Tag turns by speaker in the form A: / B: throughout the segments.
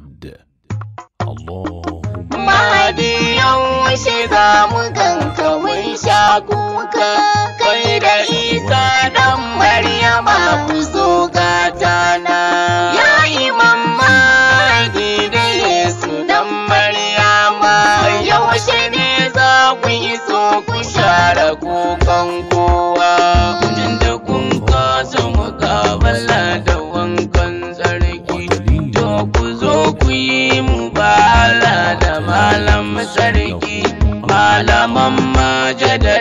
A: ahad Allahumma hadi yaushe za mu mun sha
B: malaman majada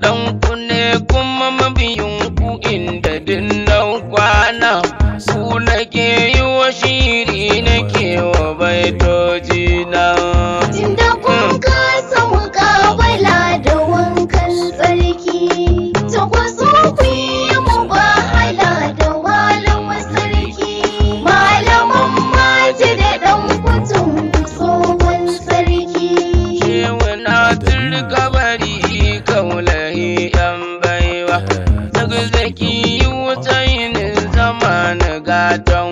B: dan kunne I don't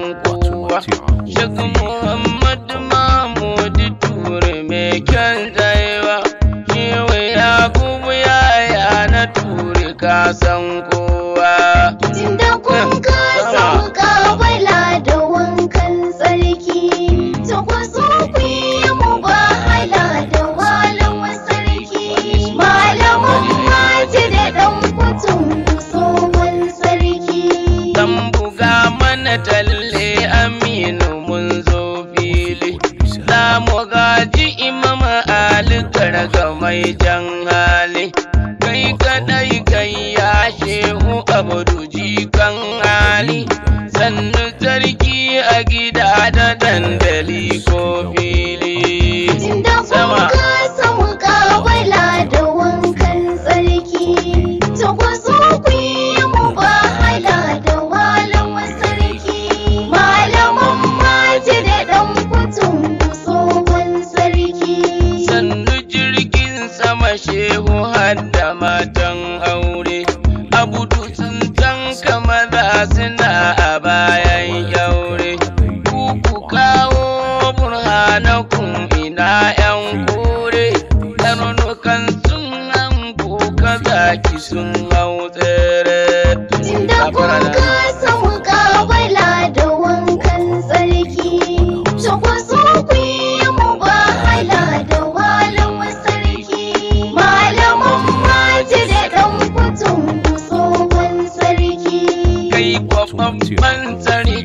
B: Eu 我们这里。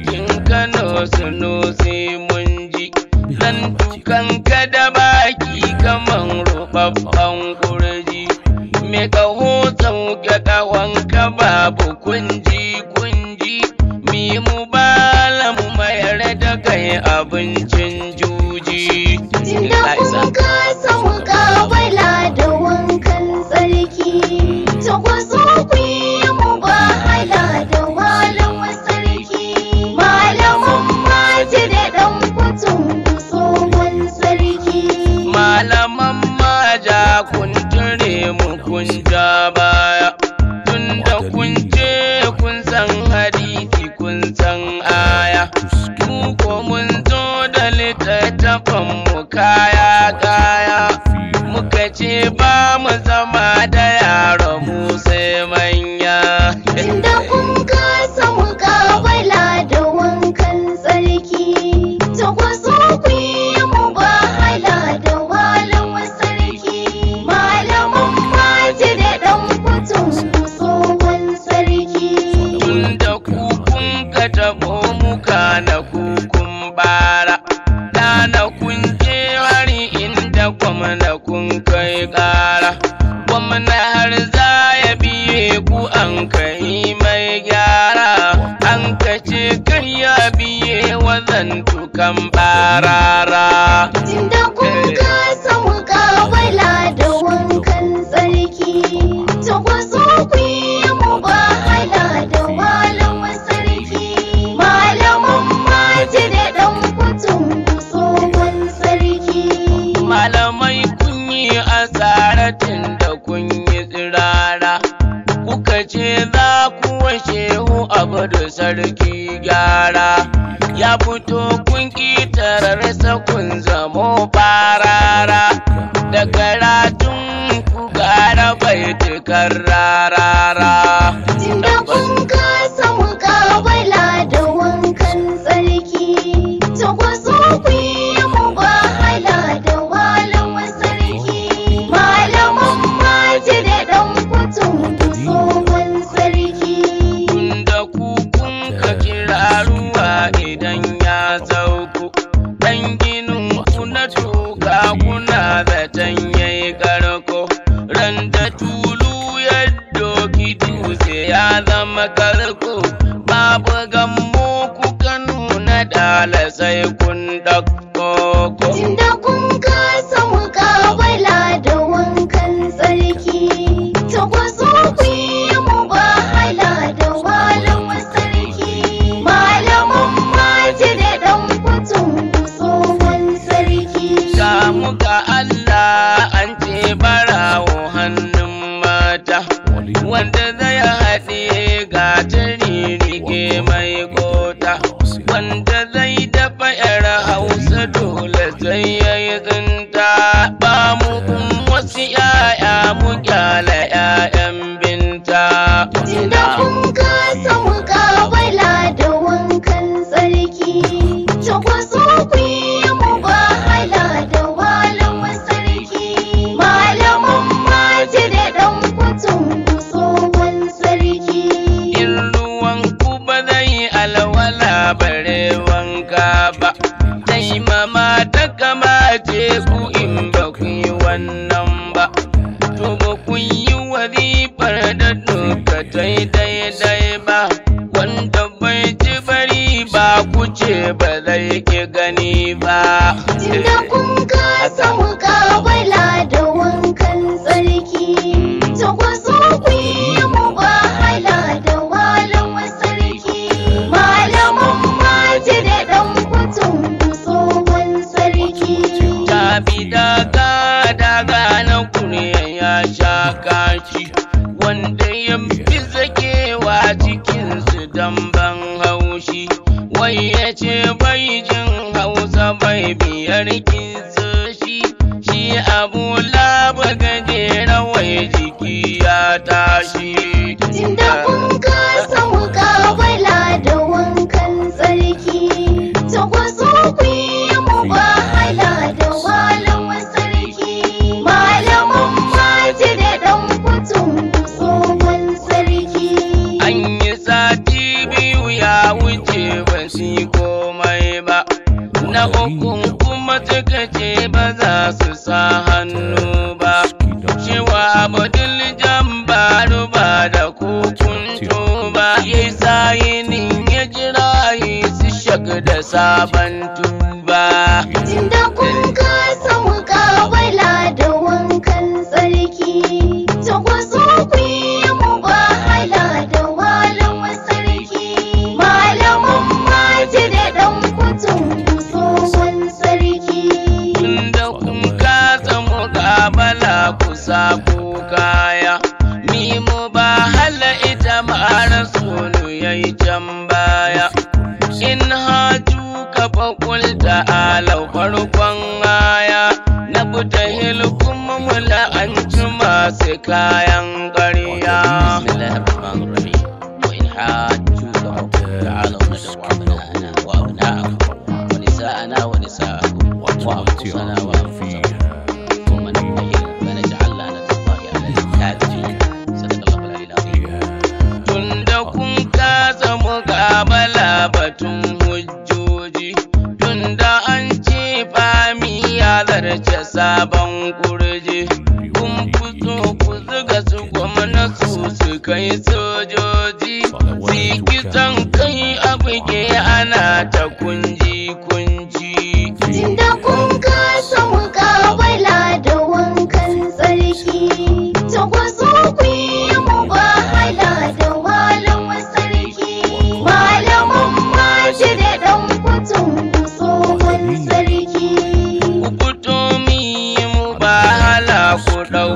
B: am. kuce zai biyar kin so shi shi abu labar gajeren wai jiki ya tashi. Tunda sabon tuba. Inda
A: kun kasa mukabala da wankan sarki, ta zo ku yi bahala da malam sarki. Malamin maji da ɗan kutun tsohon sarki. Inda kun kasa
B: mukabala ku sabo kaya, mi bahala ita ma rasulun yayi jama'a. da alau farkon aya na buta kuma mula'anci masu kayan ƙarya sabon kurji kun fito ku zuga su gwamnati su kai sojoji sikitan kai abuke ana ta kun know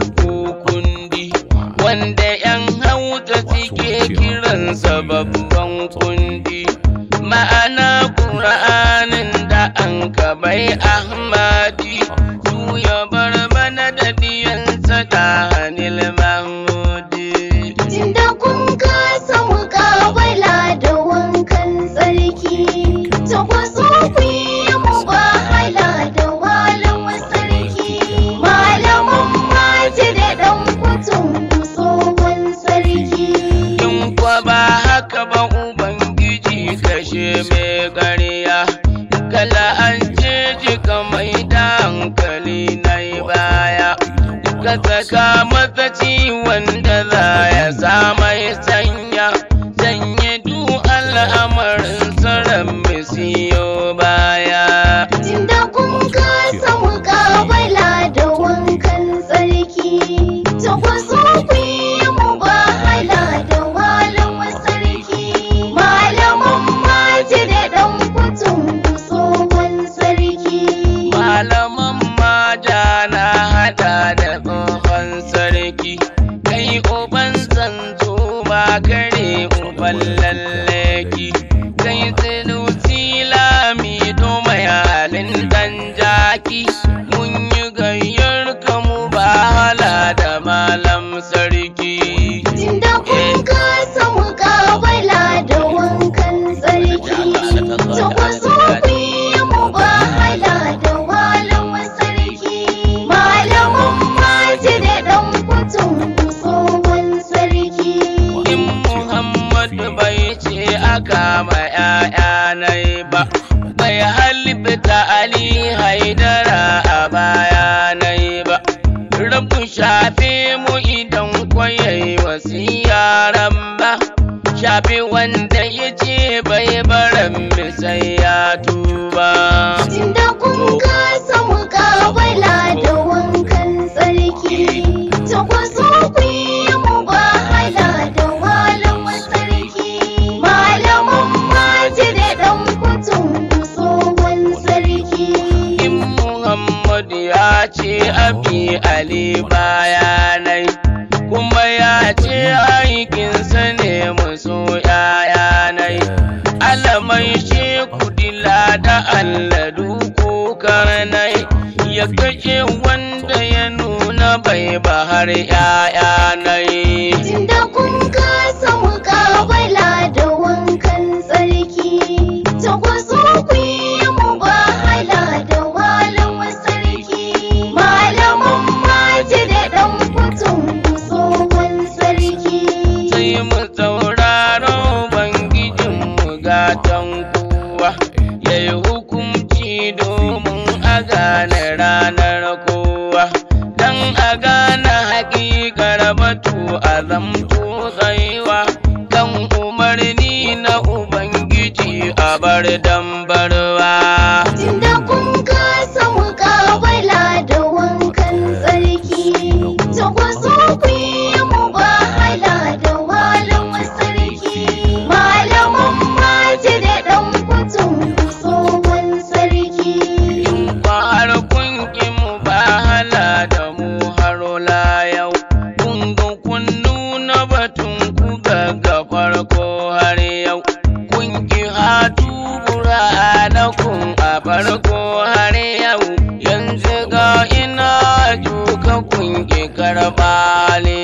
A: గడపాలి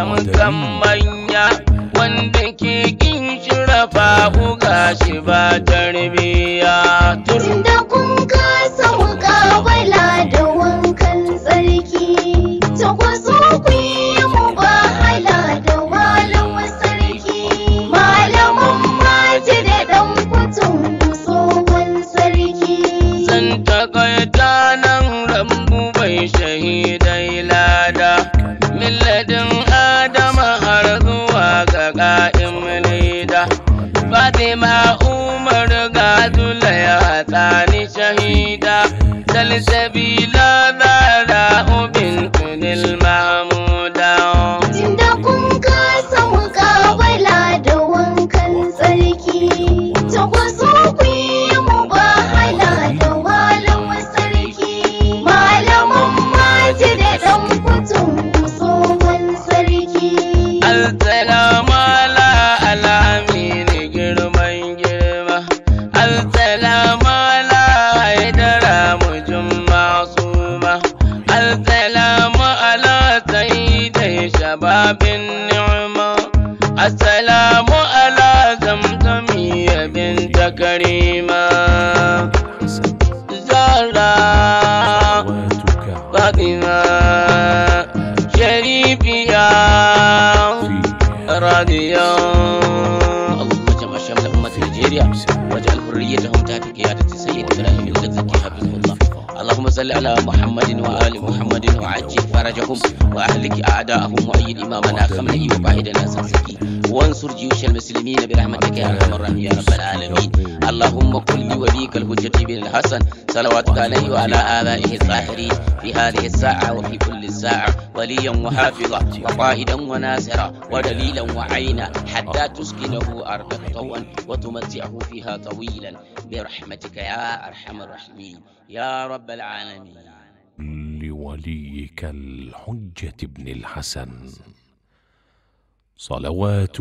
B: samkan manya wanda ke kin shi rafa'u
A: gashi ba tarbiya tun da
B: Fatima Umar ga dula ya tsani shahida
A: Salsabila Zara ubin Tunil Mahmud
B: وأهلك اعدائهم وأيد إمامنا خملئي وباهدنا سنسكي وانصر جيوش المسلمين برحمتك يا أرحم الراحمين يا رب العالمين اللهم كن لوليك الحجة بن الحسن صلواتك عليه وعلى آبائه الظاهرين في هذه الساعة وفي كل الساعه وليا وحافظا وقائدا وناصرا ودليلا وعينا حتى تسكنه أرضك طوعا وتمتعه فيها طويلا برحمتك يا أرحم الراحمين يا رب العالمين
A: وليك الحجة بن الحسن صلوات